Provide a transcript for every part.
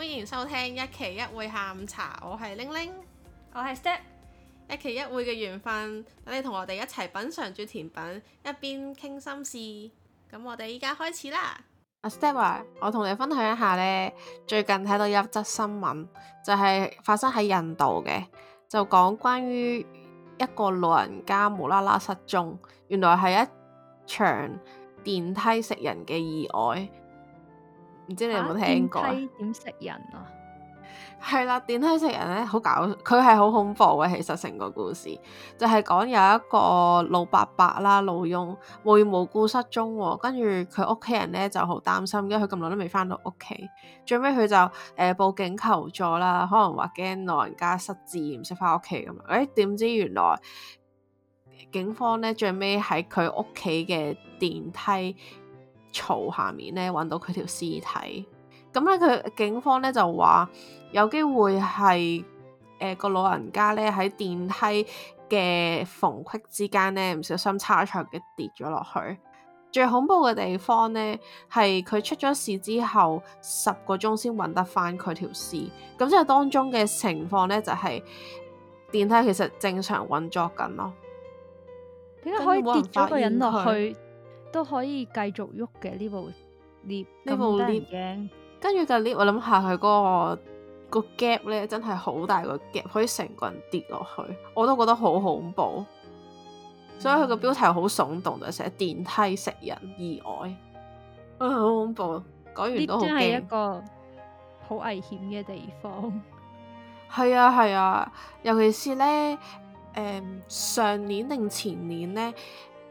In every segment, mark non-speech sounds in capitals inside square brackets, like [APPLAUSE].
歡迎收聽一期一會下午茶，我係玲玲，我係 Step，一期一會嘅緣分，等你同我哋一齊品嚐住甜品，一邊傾心事。咁我哋依家開始啦。阿 Step 啊，我同你分享一下呢，最近睇到一則新聞，就係發生喺印度嘅，就講關於一個老人家無啦啦失蹤，原來係一場電梯食人嘅意外。唔知你有冇聽過啊？點食人啊？係啦，電梯食人咧，好搞，佢係好恐怖嘅。其實成個故事就係、是、講有一個老伯伯啦，老翁，無緣無故失蹤、哦，跟住佢屋企人咧就好擔心，因為佢咁耐都未翻到屋企。最尾佢就誒、呃、報警求助啦，可能話驚老人家失智唔識翻屋企咁樣。誒、點、欸、知原來警方咧最尾喺佢屋企嘅電梯。槽下面咧揾到佢條屍體，咁咧佢警方咧就話有機會係誒、呃、個老人家咧喺電梯嘅縫隙之間咧唔小心差錯嘅跌咗落去。最恐怖嘅地方咧係佢出咗事之後十個鐘先揾得翻佢條屍，咁即係當中嘅情況咧就係、是、電梯其實正常運作緊咯，點解可以跌咗個人落去？都可以繼續喐嘅呢部 lift，咁都唔驚。跟住架 lift，我諗下佢嗰、那個個，個 gap 咧，真係好大個 gap，可以成個人跌落去，我都覺得好恐怖。嗯、所以佢個標題好聳動，就寫電梯食人意外。好、啊、恐怖！講完都好驚。真係一個好危險嘅地方。係 [LAUGHS] 啊係啊，啊，尤其是咧，誒、嗯、上年定前年咧。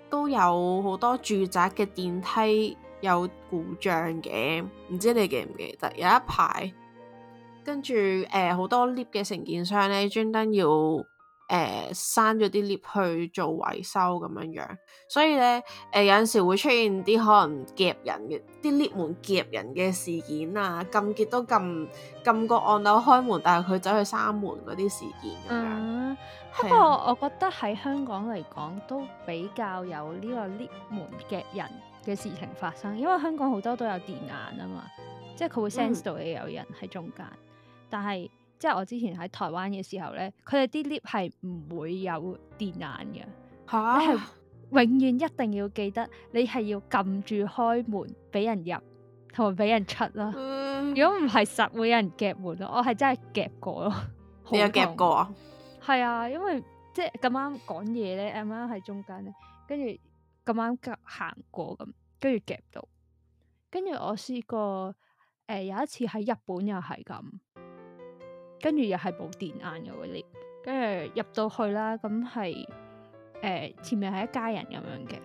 都有好多住宅嘅電梯有故障嘅，唔知你記唔記得？有一排跟住誒，好多 lift 嘅承建商咧，專登要。誒閂咗啲 lift 去做維修咁樣樣，所以咧誒、呃、有陣時會出現啲可能夾人嘅啲 lift 門夾人嘅事件啊，撳鍵都撳撳個按鈕開門，但係佢走去閂門嗰啲事件咁樣。不過、嗯、是我覺得喺香港嚟講都比較有呢個 lift 門夾人嘅事情發生，因為香港好多都有電眼啊嘛，即係佢會 sense 到你有人喺中間，嗯、但係。即係我之前喺台灣嘅時候咧，佢哋啲 lift 係唔會有電眼嘅，你係、啊、永遠一定要記得，你係要撳住開門俾人入，同埋俾人出啦。如果唔係實會有人夾門咯，我係真係夾過咯。你有夾過啊？係啊 [LAUGHS] 棒，因為即係咁啱講嘢咧，咁啱喺中間咧，跟住咁啱行過咁，跟住夾到。跟住我試過誒、呃，有一次喺日本又係咁。跟住又係冇電眼嘅嗰啲，跟住入到去啦，咁係誒前面係一家人咁樣嘅，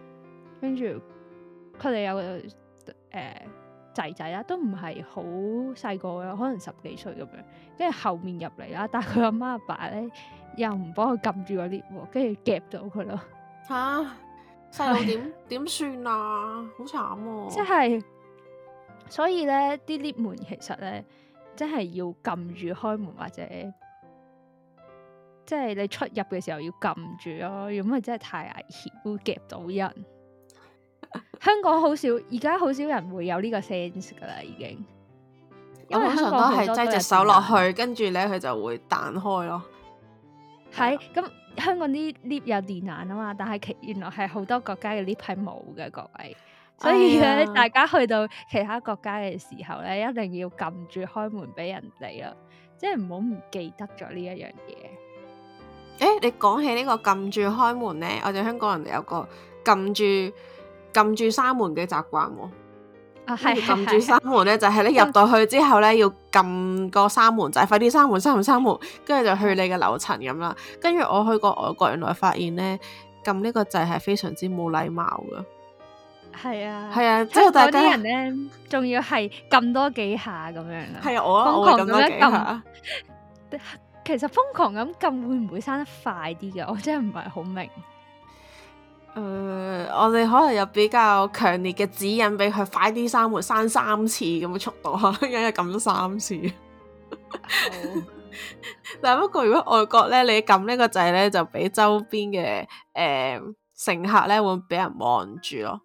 跟住佢哋有個誒仔仔啦，都唔係好細個嘅，可能十幾歲咁樣，啊、樣，跟住後面入嚟啦，但係佢阿媽阿爸咧又唔幫佢撳住嗰啲，跟住夾到佢咯。吓？細路點點算啊？好慘、啊！即係所以咧啲 lift 門其實咧。真係要撳住開門或者，即係你出入嘅時候要撳住咯、啊，如果係真係太危險，會夾到人。 [LAUGHS] 香港好少，而家好少人會有呢個 sense 噶啦，已經。因為香港都係擠隻手落去，跟住咧佢就會彈開咯。係，咁、 [MUSIC] 啊、香港啲 lift 有電眼啊嘛，但係其原來係好多國家嘅 lift 係冇嘅，各位。所以咧，哎、呀大家去到其他國家嘅時候咧，一定要撳住開門俾人哋咯，即係唔好唔記得咗呢一樣嘢。誒、欸，你講起呢個撳住開門咧，我哋香港人有個撳住撳住閂門嘅習慣喎、喔。啊，係撳住閂門咧， [LAUGHS] 就係你入到去之後咧，要撳個閂門仔，快啲閂門，閂、就是、門，閂門，跟住就去你嘅樓層咁啦。跟住我去過外國，原來發現咧撳呢個掣係非常之冇禮貌噶。係啊，係啊，即係嗰啲人咧，仲 [LAUGHS] 要係撳多幾下咁樣啊，我瘋、啊、瘋狂咁樣撳。其實瘋狂咁撳會唔會閂得快啲嘅？我真係唔係好明。誒、呃，我哋可能有比較強烈嘅指引，俾佢快啲閂，活，閂三次咁嘅速度吓，一日撳三次。 [LAUGHS] oh. [LAUGHS] 但係不過如果外國咧，你撳呢個掣咧，就俾周邊嘅誒乘客咧，會俾人望住咯。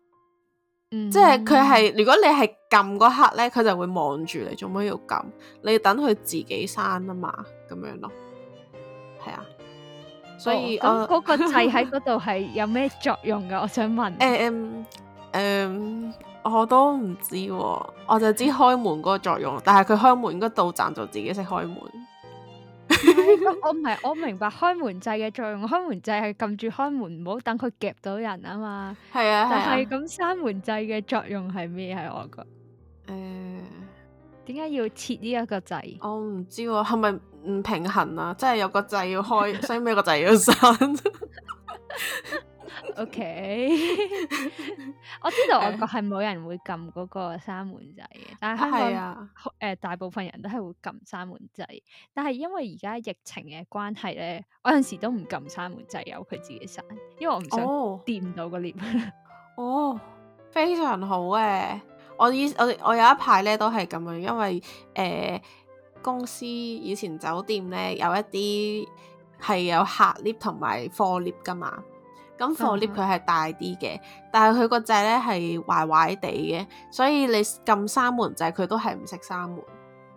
嗯、即係佢係，如果你係撳嗰刻咧，佢就會望住你，做乜要撳？你要等佢自己閂啊嘛，咁樣咯，係啊。所以咁嗰、哦嗯、個掣喺嗰度係有咩作用噶？我想問。誒、嗯嗯、我都唔知，我就知開門嗰個作用，但係佢開門應該到站就自己識開門。咁 [LAUGHS] 我唔係我明白開門掣嘅作用，開門掣係撳住開門，唔好等佢夾到人啊嘛。係啊的，但係咁閂門掣嘅作用係咩？係我覺誒，點解、呃、要設呢一個掣？我唔知喎，係咪唔平衡啊？即係有個掣要開，所以咩個掣要閂？ [LAUGHS] [LAUGHS] O Okay . K， [LAUGHS] 我知道外國係冇人會撳嗰個閂門掣，呃、但係誒、啊呃，大部分人都係會撳閂門掣。但係因為而家疫情嘅關係咧，我有陣時都唔撳閂門掣，由佢自己閂，因為我唔想掂到個 lift、哦。哦，非常好嘅。我意我我有一排咧都係咁樣，因為誒、呃、公司以前酒店咧有一啲係有客 lift 同埋貨 lift 噶嘛。咁 fall lift 佢係大啲嘅，但係佢個掣咧係壞壞地嘅，所以你撳閂門掣，佢都係唔識閂門。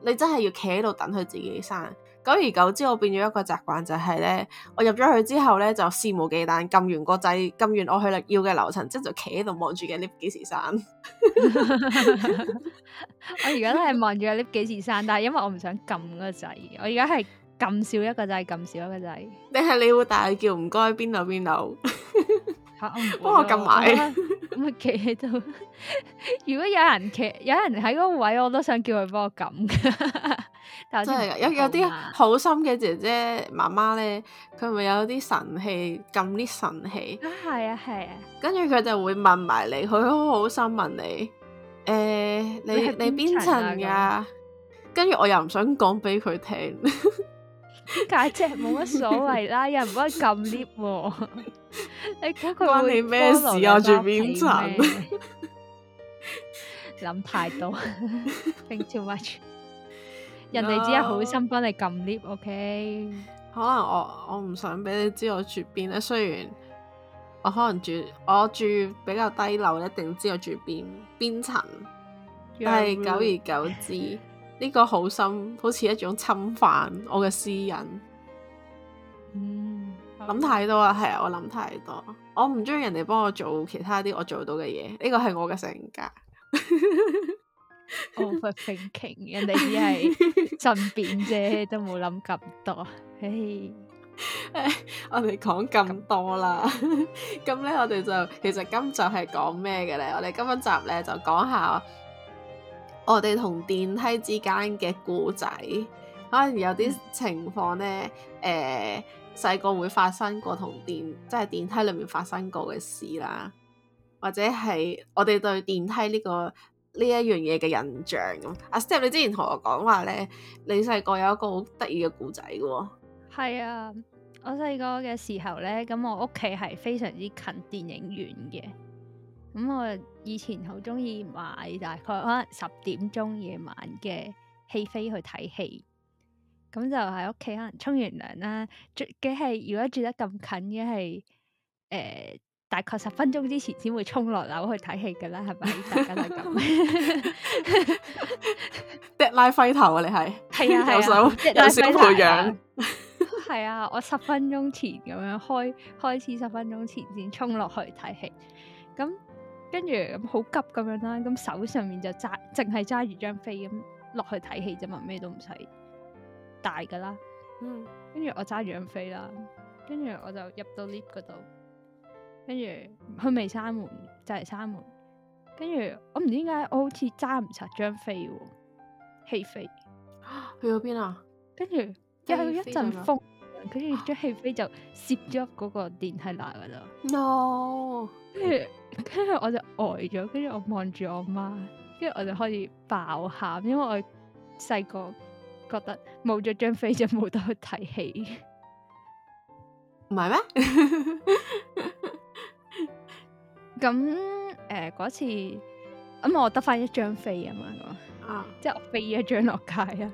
你真係要企喺度等佢自己閂。久而久之我、就是，我變咗一個習慣就係咧，我入咗去之後咧就肆無忌憚撳完個掣，撳完我去啦，要嘅樓層即係就企喺度望住嘅 lift 幾時閂。 [LAUGHS] [LAUGHS] 我而家都係望住嘅 lift 幾時閂，但係因為我唔想撳個掣。我而家係撳少一個掣，撳少一個掣。定係你會大叫唔該邊度邊度？幫、啊、我撳埋，咁咪企喺度。啊、 [LAUGHS] 如果有人企，有人喺嗰位，我都想叫佢幫我撳。 [LAUGHS] 但我啊、真係有有啲好心嘅姐姐媽媽咧，佢咪有啲神器撳啲神器。係啊，係啊。啊跟住佢就會問埋你，佢好好心問你，誒、欸，你是你邊層噶、啊？跟住我又唔想講俾佢聽。 [LAUGHS] .介只冇乜所謂啦，又唔可以撳 lift 你估佢、喔、 [LAUGHS] 關你咩事啊？事住邊層？諗 [LAUGHS] 太多，think too much。 [LAUGHS] [LAUGHS] 人哋只係好心幫你撳 lift，OK。No. Okay? 可能我我唔想俾你知道我住邊咧，雖然我可能住我住比較低樓，一定知道我住邊邊層。層嗯、但係久而久之。 [LAUGHS] 呢個好心好似一種侵犯我嘅私隱，嗯，諗太多啊，係啊，我諗太多，我唔中意人哋幫我做其他啲我做到嘅嘢，呢個係我嘅性格。Overthinking，人哋只係順便啫， [LAUGHS] 都冇諗咁多。誒、hey. [LAUGHS] [LAUGHS] 我哋講咁多啦，咁咧我哋就其實今集係講咩嘅咧？我哋今集咧就講下。我哋同電梯之間嘅故仔，可能有啲情況呢，誒、嗯，細個、呃、會發生過同電，即係電梯裏面發生過嘅事啦，或者係我哋對電梯呢、呢個呢一樣嘢嘅印象咁。阿、這個啊、Step，你之前同我講話呢，你細個有一個好得意嘅故仔嘅喎。係啊，我細個嘅時候呢，咁我屋企係非常之近電影院嘅。咁我以前好中意買大概可能十點鐘夜晚嘅戲飛去睇戲，咁就喺屋企可能沖完涼啦，即係如果住得咁近嘅係誒，大概十分鐘之前先會衝落樓去睇戲噶啦，係咪？大家都咁，deadline fighter 啊！你係係啊， [LAUGHS] 有手有手培養，係 [LAUGHS] 啊！我十分鐘前咁樣開開始十分鐘前先衝落去睇戲，咁。跟住咁好急咁樣啦，咁手上面就揸淨係揸住張飛咁落去睇戲啫嘛，咩都唔使帶噶啦。嗯，嗯跟住我揸住張飛啦，跟住我就入到 lift 嗰度，跟住佢未閂門就嚟、是、閂門，跟住我唔知點解我好似揸唔實張飛喎，戲飛啊 [COUGHS] 去到邊啊？跟住又去到一陣風。跟住張戲飛就攝咗嗰個電梯欄嗰度，no，跟住跟住我就呆咗，跟住我望住我媽，跟住我就開始爆喊，因為我細個覺得冇咗張飛就冇得去睇戲，唔係咩？咁誒， [LAUGHS] [LAUGHS] 嗰、呃、次咁我得返一張飛啊嘛，咁、那、啊、個，ah. 即係我飛一張落街啊。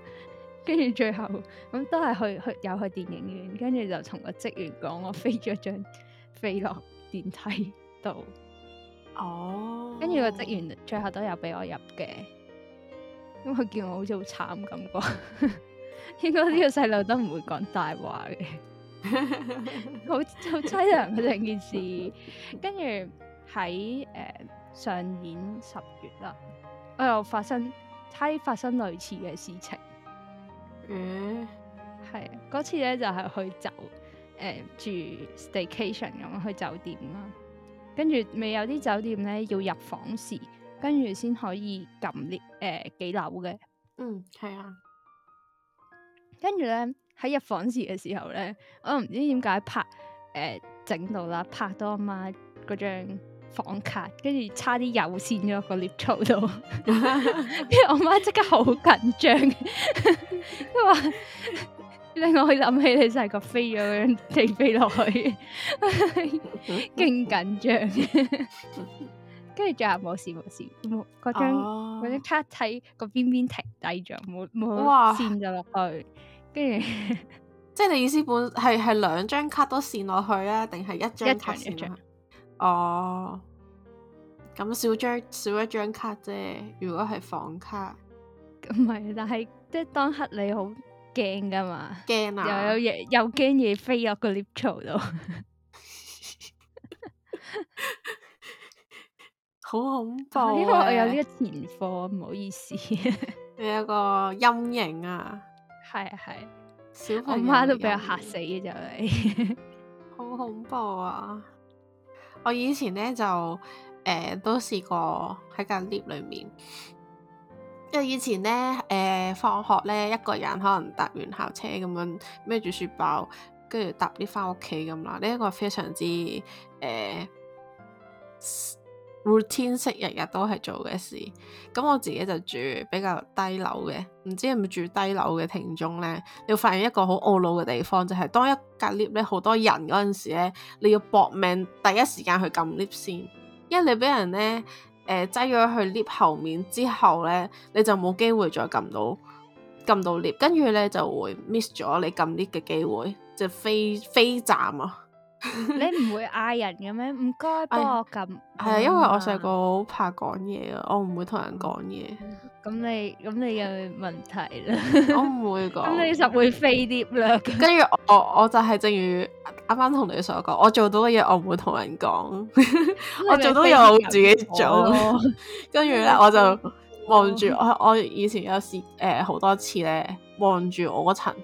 跟住最後咁、嗯、都係去去有去電影院，跟住就同個職員講，我飛咗張飛落電梯度哦。跟住個職員最後都有俾我入嘅，咁佢見我好似好慘咁啩， [LAUGHS] 應該呢個細路都唔會講大話嘅， [LAUGHS] 好好淒涼嘅 [LAUGHS] 整件事。跟住喺誒上年十月啦，我又發生喺發生類似嘅事情。嗯，係嗰次咧就係、是、去酒，誒、呃、住 staycation 咁去酒店啦，跟住未有啲酒店咧要入房時，跟住先可以撳啲誒幾樓嘅。嗯，係啊。跟住咧喺入房時嘅時候咧，我唔知點解拍誒整、呃、到啦，拍到阿媽嗰張房卡，跟住差啲又線咗個 lift 度，跟住 [LAUGHS] 我媽即刻好緊張，跟住話令我諗起你成個飛咗咁樣停飛落去，勁緊張。跟住 [LAUGHS] 最後冇事冇事，冇嗰張卡睇，個邊邊停低咗，冇冇線咗落去。跟住即係你意思本係係兩張卡都線落去啊？定係一張一線？一張哦，咁少張少一張卡啫。如果係房卡，唔係，但係即係當刻你好驚噶嘛，驚啊！又有嘢，又驚嘢飛落個 lift 槽度，好恐怖啊！因為我有呢個前貨，唔好意思，你有一個陰影啊，係係，小我媽都俾我嚇死嘅就係，好恐怖啊！我以前咧就誒、呃、都試過喺間 lift 裏面，因為以前咧誒、呃、放學咧一個人可能搭完校車咁樣孭住書包，跟住搭啲返屋企咁啦，呢一個非常之誒。呃 routine 式日日都係做嘅事，咁我自己就住比較低樓嘅，唔知係咪住低樓嘅聽眾呢？你會發現一個好懊惱嘅地方就係、是，當一格 lift 咧好多人嗰陣時咧，你要搏命第一時間去撳 lift 先，因為你俾人呢，誒、呃、擠咗去 lift 後面之後呢，你就冇機會再撳到撳到 lift，跟住呢就會 miss 咗你撳 lift 嘅機會，就飛飛站啊！ [LAUGHS] 你唔會嗌人嘅咩？唔該、哎，幫我撳。係啊，因為我細個好怕講嘢啊，我唔會同人講嘢。咁你咁你有問題咧？ [LAUGHS] 我唔會講。咁 [LAUGHS] 你就會飛啲啦。跟住 [LAUGHS] 我，我就係正如啱啱同你所講，我做到嘅嘢我唔會同人講， [LAUGHS] 我做到嘢我自己做。跟住咧， [LAUGHS] 我就望住我，我以前有次誒好多次咧，望住我嗰層，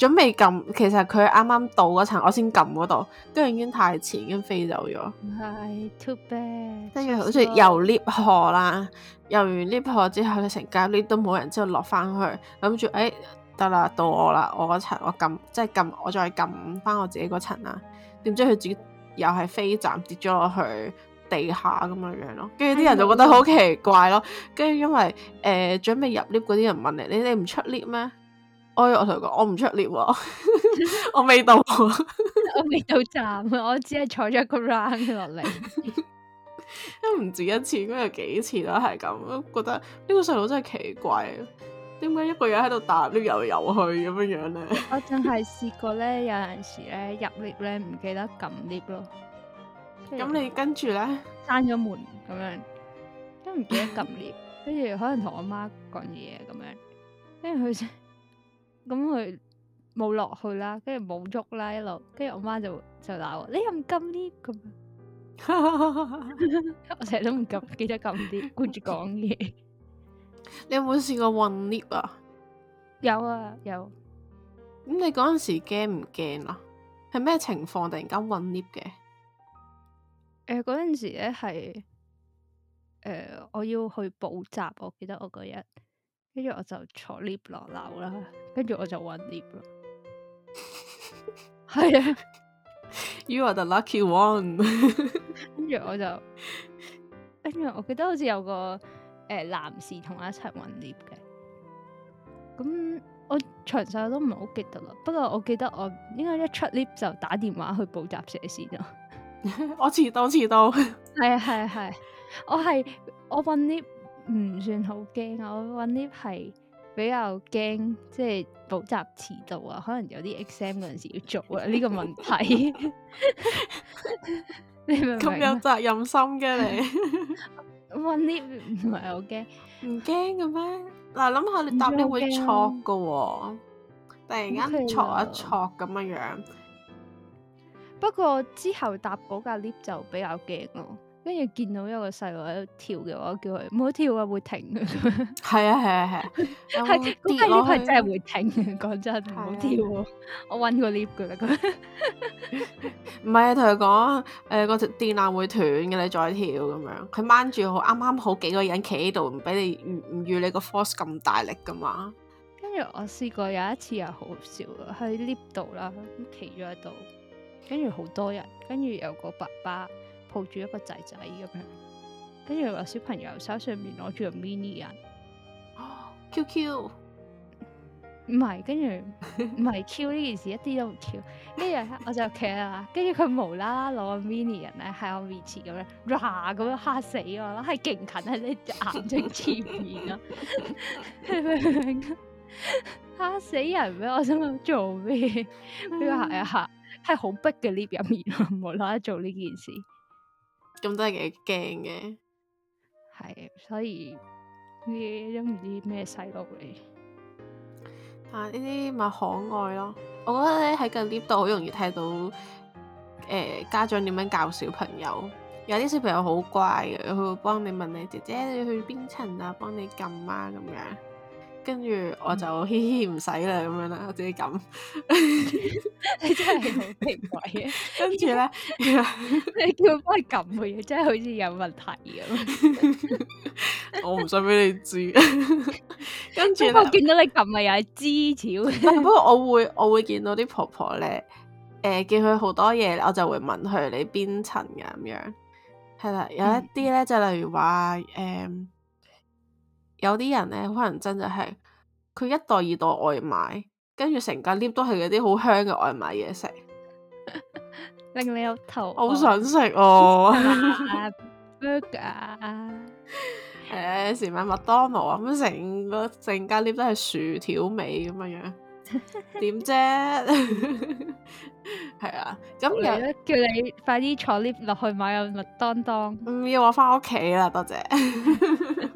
準備撳，其實佢啱啱到嗰層，我先撳嗰度，跟住已經太遲，已經飛走咗。係，too bad。跟住好似遊 lift 河啦，遊完 lift 河之後佢成架 lift 都冇人知道落翻去，諗住誒得啦，到我啦，我嗰層我撳，即係撳我再撳翻我自己嗰層啦。點知佢自己又係飛站跌咗落去地下咁樣樣咯。跟住啲人就覺得好奇怪咯。跟住因為誒、呃、準備入 lift 嗰啲人問你：你哋唔出 lift 咩？我又同佢講，我唔出 lift， [LAUGHS] 我未到， [LAUGHS] [LAUGHS] [LAUGHS] 我未到站，我只係坐咗一個 round 落嚟，因為唔止一次，咁有幾次啦，係咁，覺得呢、這個細路真係奇怪，點解一個人喺度搭啲遊嚟遊去咁樣樣咧？ [LAUGHS] 我真係試過咧，有陣時咧入 lift 咧唔記得撳 lift 咯，咁你 [LAUGHS] 跟住咧閂咗門咁樣，因為唔記得撳 lift，跟住可能同我媽講嘢咁樣，跟住佢咁佢冇落去啦，跟住冇喐啦，一路跟住我媽就就鬧我，你又唔撳 lift 咁？ [LAUGHS] [LAUGHS] [LAUGHS] 我成日都唔撳，記得撳 lift，顧住講嘢。你有冇試過混 lift 啊？有啊有。咁、嗯、你嗰陣時驚唔驚啊？係咩情況突然間混 lift 嘅？誒、呃，嗰陣時咧係誒，我要去補習，我記得我嗰日。跟住我就坐 lift 落樓啦，跟住我就揾 lift 啦，係啊 [LAUGHS] [LAUGHS] ，You are the lucky one。跟住我就，跟住我記得好似有個誒、呃、男士同我一齊揾 lift 嘅，咁我詳細都唔係好記得啦。不過我記得我應該一出 lift 就打電話去補習社先啦。 [LAUGHS] 我遲到，遲到，係 [LAUGHS] 啊，係啊，係，我係我揾 lift。唔算好驚，我揾 lift 係比較驚，即係補習遲到啊，可能有啲 exam 嗰陣時要做啊，呢 [LAUGHS] 個問題 [LAUGHS] 你。咁有責任心嘅、啊、你 [LAUGHS] ap，揾 lift 唔係好驚，唔驚嘅咩？嗱，諗下你搭 lift 會錯嘅喎，突然間佢錯一錯咁樣。不過之後搭嗰架 lift 就比較驚咯。跟住見到有個細路喺度跳嘅，我叫佢唔好跳啊，會停嘅。係 [LAUGHS] 啊，係啊，係。係嗰個係真係會停嘅，講真。唔好跳啊！我揾個 lift 嘅啦。唔係 [LAUGHS] 啊，同佢講誒個電纜會斷嘅，你再跳咁樣。佢掹住好啱啱好幾個人企喺度，唔俾你唔唔預你個 force 咁大力嘅嘛。跟住我試過有一次又好笑啦，喺 lift 度啦咁企咗喺度，跟住好多人，跟住有個爸爸。抱住一個仔仔咁樣，跟住話小朋友手上面攞住個 mini 人哦，Q Q 唔係，跟住唔係 Q 呢件事一啲都唔 Q 跟住我就企啦，跟住佢無啦啦攞個 mini 人咧喺我面前咁樣，哇、呃、咁樣吓死我啦，係勁近喺你眼睛前面咯，明唔明啊？吓死人咩？我想做咩？呢一刻一刻係好逼嘅 lift 入面，無啦啦做呢件事。咁都係幾驚嘅，係，所以你都唔知咩細路嚟。但呢啲咪可愛咯，我覺得咧喺個 lift 度好容易睇到，誒、呃、家長點樣教小朋友，有啲小朋友好乖，佢會幫你問你姐姐你去邊層啊，幫你撳啊咁樣。跟住我就嘻嘻唔使啦，咁樣啦，我自己撳。你真係好奇怪嘅。跟住咧，你叫佢幫你撳嘅嘢，真係好似有問題咁。我唔想俾你知。跟住我見到你撳咪又係支少。不過我會，我會見到啲婆婆咧，誒，見佢好多嘢，我就會問佢你邊層嘅咁樣。係啦，有一啲咧，就例如話，誒。有啲人咧可能真，就係佢一袋二袋外賣，跟住成間 lift 都係嗰啲好香嘅外賣嘢食， [LAUGHS] 令你有頭。好想食哦！誒，有時買麥當勞啊，咁成個成間 lift 都係薯條味咁樣樣，點啫？係啊，咁嚟咗叫你快啲坐 lift 落去買個麥當當。唔要我，我翻屋企啦，多謝。 [LAUGHS]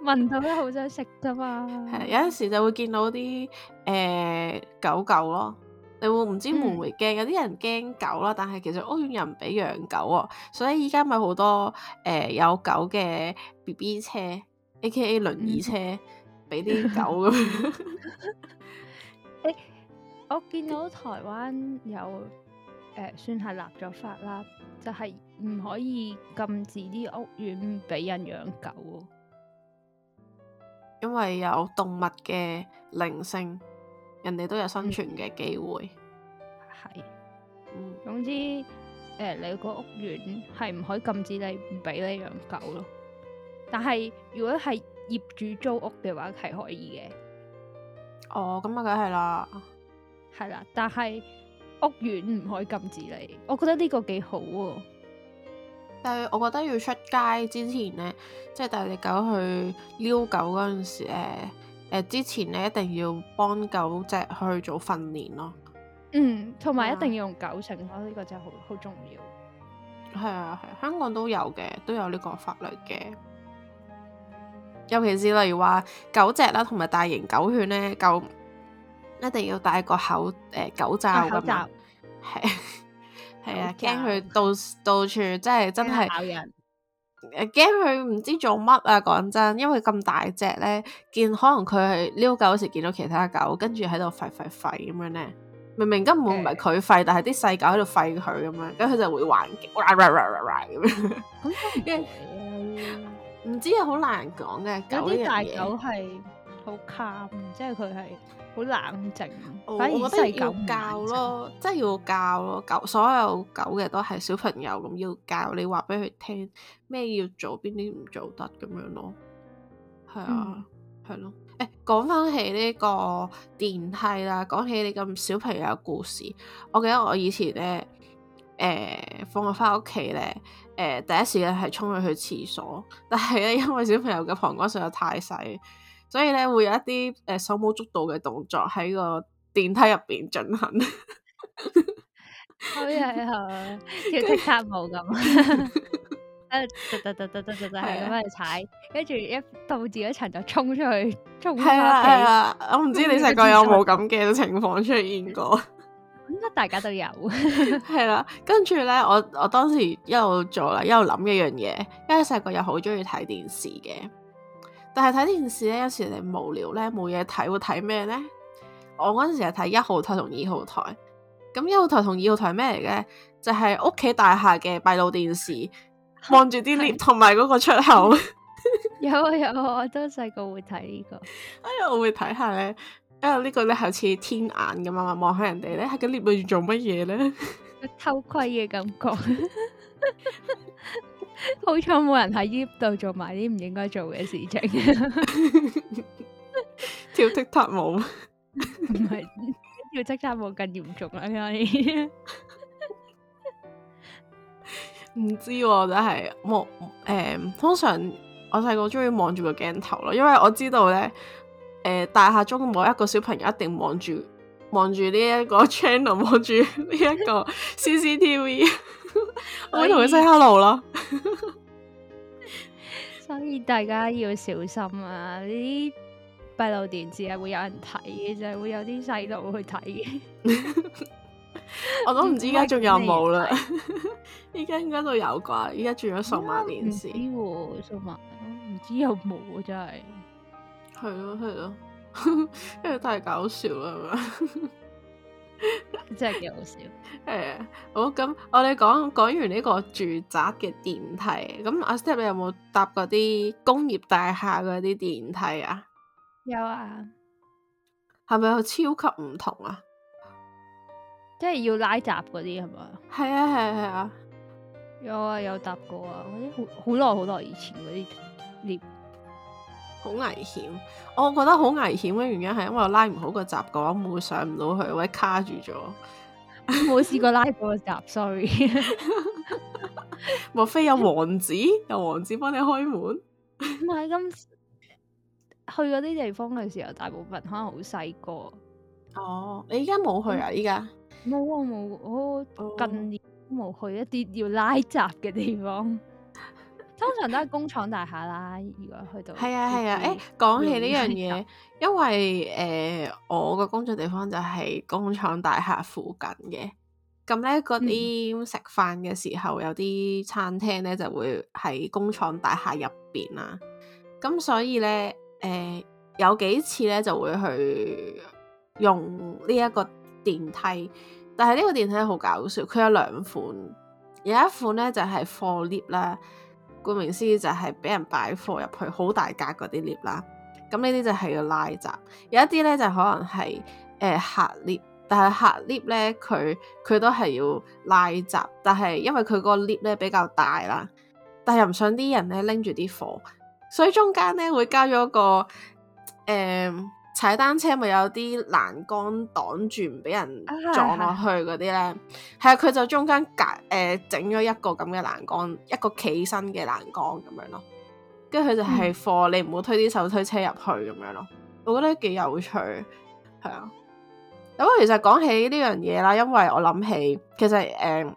聞 [LAUGHS] 到都好想食噶嘛，係有陣時就會見到啲誒、呃、狗狗咯，你會唔知、嗯、會唔會驚？有啲人驚狗啦，但係其實屋苑又唔俾養狗啊，所以依家咪好多誒、呃、有狗嘅 B B 車 A K A 輪椅車俾啲、嗯、狗。誒、 [LAUGHS] 欸，我見到台灣有誒、呃、算係立咗法啦，就係、是、唔可以禁止啲屋苑俾人養狗。因為有動物嘅靈性，人哋都有生存嘅機會。係、嗯嗯，總之，誒、呃，你個屋苑係唔可以禁止你唔俾你養狗咯。但係如果係業主租屋嘅話係可以嘅。哦，咁啊，梗係啦，係啦，但係屋苑唔可以禁止你。我覺得呢個幾好啊。但係，我覺得要出街之前呢，即係帶隻狗去遛狗嗰陣時，誒誒，之前呢一定要幫狗隻去做訓練咯。嗯，同埋一定要用狗繩咯，呢、啊、個真係好好重要。係啊係、啊，香港都有嘅，都有呢個法律嘅。尤其是例如話狗隻啦、啊，同埋大型狗犬呢，狗一定要戴個口誒、呃、狗罩咁係、啊。係啊，驚佢 Okay. 到到處即係真係，驚咬人。誒，驚佢唔知做乜啊！講真，因為咁大隻咧，見可能佢係遛狗嗰時見到其他狗，跟住喺度吠吠吠咁樣咧。明明根本唔係佢吠，Yeah. 但係啲細狗喺度吠佢咁樣，咁佢就會玩。咁樣。唔 [LAUGHS] [LAUGHS] 知啊，好難講嘅。咁啲大狗係。好 calm，即係佢係好冷靜。我我覺得要教咯，即係要教咯。狗所有狗嘅都係小朋友咁要教，你話俾佢聽咩要做，邊啲唔做得咁樣咯。係啊，係咯。誒，講翻起呢個電梯啦，講起你咁小朋友嘅故事，我記得我以前咧，誒放學翻屋企咧，誒第一時間咧係衝佢去廁所，但係咧因為小朋友嘅膀胱實在太細。所以咧會有一啲誒、呃、手舞足蹈嘅動作喺個電梯入邊進行 [LAUGHS] 係啊，跳踢踏舞咁，誒對，噠噠噠噠噠噠係咁去踩，跟住對對一到至一層就衝出去，衝翻去。係啦，對我唔知你細個有冇咁嘅情況出現過？應該大家都有對。係啦， [LAUGHS] 跟住咧我我當時一路做啦，一路諗一樣嘢，因為細個又好中意睇電視嘅。但係睇電視咧，有時你無聊咧，冇嘢睇會睇咩咧？我嗰陣時係睇一號台同二號台。咁一號台同二號台咩嚟嘅？就係屋企大廈嘅閉路電視，望住啲 lift 同埋嗰個出口。 [LAUGHS] 有啊有啊，我都細個會睇呢、這個。哎呀，我會睇下咧，因為個呢個咧好似天眼咁，咪望下人哋咧，喺、那個 lift 裏邊做乜嘢咧？偷窺嘅感覺。 [LAUGHS] 好彩冇人喺呢度做埋啲唔應該做嘅事情 [LAUGHS] 跳， [LAUGHS] 跳 TikTok 舞唔係跳踢踏舞更嚴重啦！我哋唔知真係望誒，通常我細個中意望住個鏡頭咯，因為我知道咧誒、呃，大廈中某一個小朋友一定望住。望住呢一個 channel，望住呢一個 CCTV， [LAUGHS] 我會同佢 say hello 咯。所以大家要小心啊！呢啲閉路電視係會有人睇嘅，就係會有啲細路去睇嘅。我都唔知依家仲有冇啦。依 [LAUGHS] 家應該都有啩，依家轉咗數碼電視。數碼唔知有冇啊！喔、有有真係係咯，係咯。因為 [LAUGHS] 太搞笑啦， [LAUGHS] 真係幾好笑。係 [LAUGHS] 啊，好，我咁我哋講講完呢個住宅嘅電梯，咁阿 Step 你有冇搭過啲工業大廈嗰啲電梯啊？有啊，係咪有？超級唔同啊？即係要拉閘嗰啲係咪？係啊係啊係啊，啊有啊，有搭過啊，嗰啲好好耐好耐以前嗰啲好危險，我覺得好危險嘅原因係因為我拉唔好個閘嘅話，會上唔到去或者卡住咗。冇試過拉過個閘，sorry。 [LAUGHS] [LAUGHS] [LAUGHS] 莫非有王子？有王子幫你開門？唔係，咁去嗰啲地方嘅時候，大部分可能好細個。哦，你而家冇去啊？依家冇啊，冇在我近年都冇去一啲要拉閘嘅地方。通常都係工廠大廈啦。如果去到係啊係啊，誒講起呢樣嘢， [LAUGHS] 因為誒、呃、我個工作地方就係工廠大廈附近嘅。咁、嗯、咧，嗰啲食飯嘅時候有啲餐廳咧就會喺工廠大廈入邊啦。咁所以咧，誒、呃、有幾次咧就會去用呢一個電梯，但係呢個電梯好搞笑，佢有兩款，有一款咧就係貨 lift 啦。顧名思義就係俾人擺貨入去好大格嗰啲 lift 啦，咁呢啲就係要拉閘。有一啲咧就是、可能係誒、呃、客 lift，但係客 lift 咧佢、佢都係要拉閘，但係因為佢個 lift 咧比較大啦，但係又唔想啲人咧拎住啲貨，所以中間咧會加咗個誒。呃踩單車咪有啲欄杆擋住，唔俾人撞落去嗰啲咧，係啊！佢就中間隔誒整咗一個咁嘅欄杆，一個企身嘅欄杆咁樣咯。跟住佢就係貨、嗯，你唔好推啲手推車入去咁樣咯。我覺得幾有趣，係啊。咁、嗯、其實講起呢樣嘢啦，因為我諗起其實誒、呃、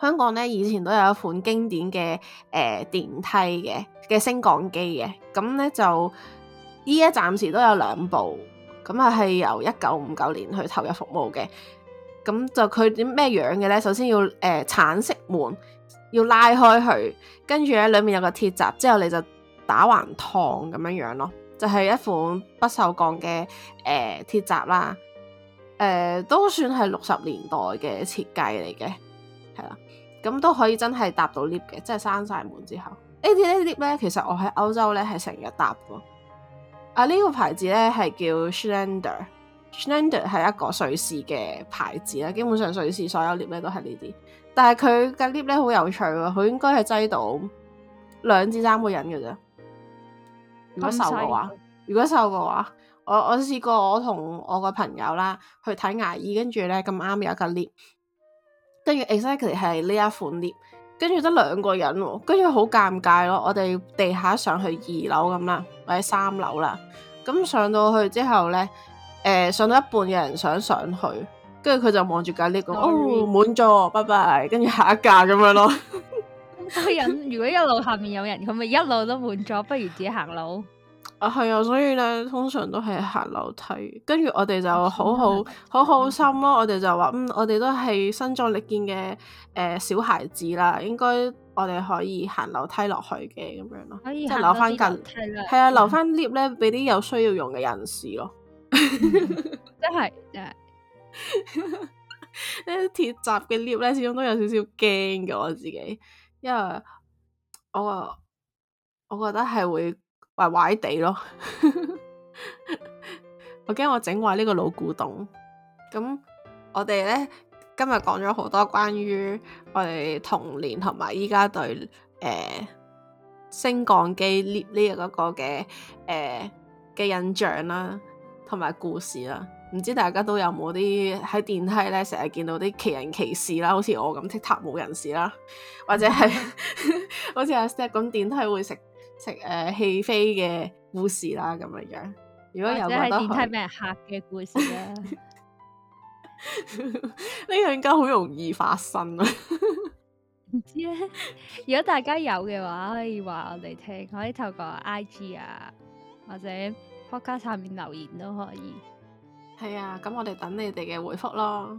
香港咧，以前都有一款經典嘅誒、呃、電梯嘅嘅升降機嘅，咁咧就。依家暫時都有兩部咁啊，係由一九五九年去投入服務嘅。咁就佢點咩樣嘅咧？首先要誒、呃、橙色門要拉開佢，跟住咧裡面有個鐵閘，之後你就打橫趟咁樣樣咯，就係、是、一款不鏽鋼嘅誒鐵閘啦。誒、呃、都算係六十年代嘅設計嚟嘅，係啦。咁都可以真係搭到 lift 嘅，即係閂晒門之後呢啲呢啲 lift 咧。其實我喺歐洲咧係成日搭呢、啊這個牌子咧係叫 Schindler，Schindler 係一個瑞士嘅牌子啦。基本上瑞士所有 lift 咧都係呢啲，但係佢嘅 lift 咧好有趣喎。佢應該係擠到兩至三個人嘅啫。如果瘦嘅話，哦、如果瘦嘅話，我我試過我同我個朋友啦去睇牙醫，跟住咧咁啱有一個 lift，跟住 Exactly 係呢一款 lift。跟住得兩個人喎，跟住好尷尬咯。我哋地下上，上去二樓咁啦，或者三樓啦。咁上到去之後呢，誒、呃、上到一半嘅人想上去，跟住佢就望住隔籬個，Sorry. 哦滿咗，拜拜，跟住下一架咁樣咯。多 [LAUGHS] 人如果一路下面有人，佢咪一路都滿咗，不如自己行路。 [LAUGHS] [MUSIC] 啊，係啊，所以咧，通常都係行樓梯，跟住我哋就好好 [MUSIC] 好好心咯。我哋就話，嗯，我哋都係身壯力健嘅誒小孩子啦，應該我哋可以行樓梯落去嘅咁樣咯，即係樣留翻近，係啊，留翻 lift 咧俾啲有需要用嘅人士咯。真係真係，呢啲鐵閘嘅 lift 咧，始終都有少少驚嘅我自己，因為我我我覺得係會。壞壞壞地咯，， [LAUGHS] 我驚我整壞呢個老古董。咁我哋咧今日講咗好多關於我哋童年同埋依家對誒、欸、升降機呢呢個嘅誒嘅印象啦，同埋故事啦。唔知大家都有冇啲喺電梯咧成日見到啲奇人奇事啦，好似我咁踢踏舞人士啦，或者係好似阿 s e p 咁電梯會食。食誒、呃、戲飛嘅故事啦，咁樣樣。如果有覺得係電梯俾人嚇嘅故事啦。呢樣應該好容易發生啊！唔知咧，如果大家有嘅話，可以話我哋聽，可以透過 IG 啊，或者 Podcast 下面留言都可以。係 [LAUGHS] 啊，咁我哋等你哋嘅回覆咯。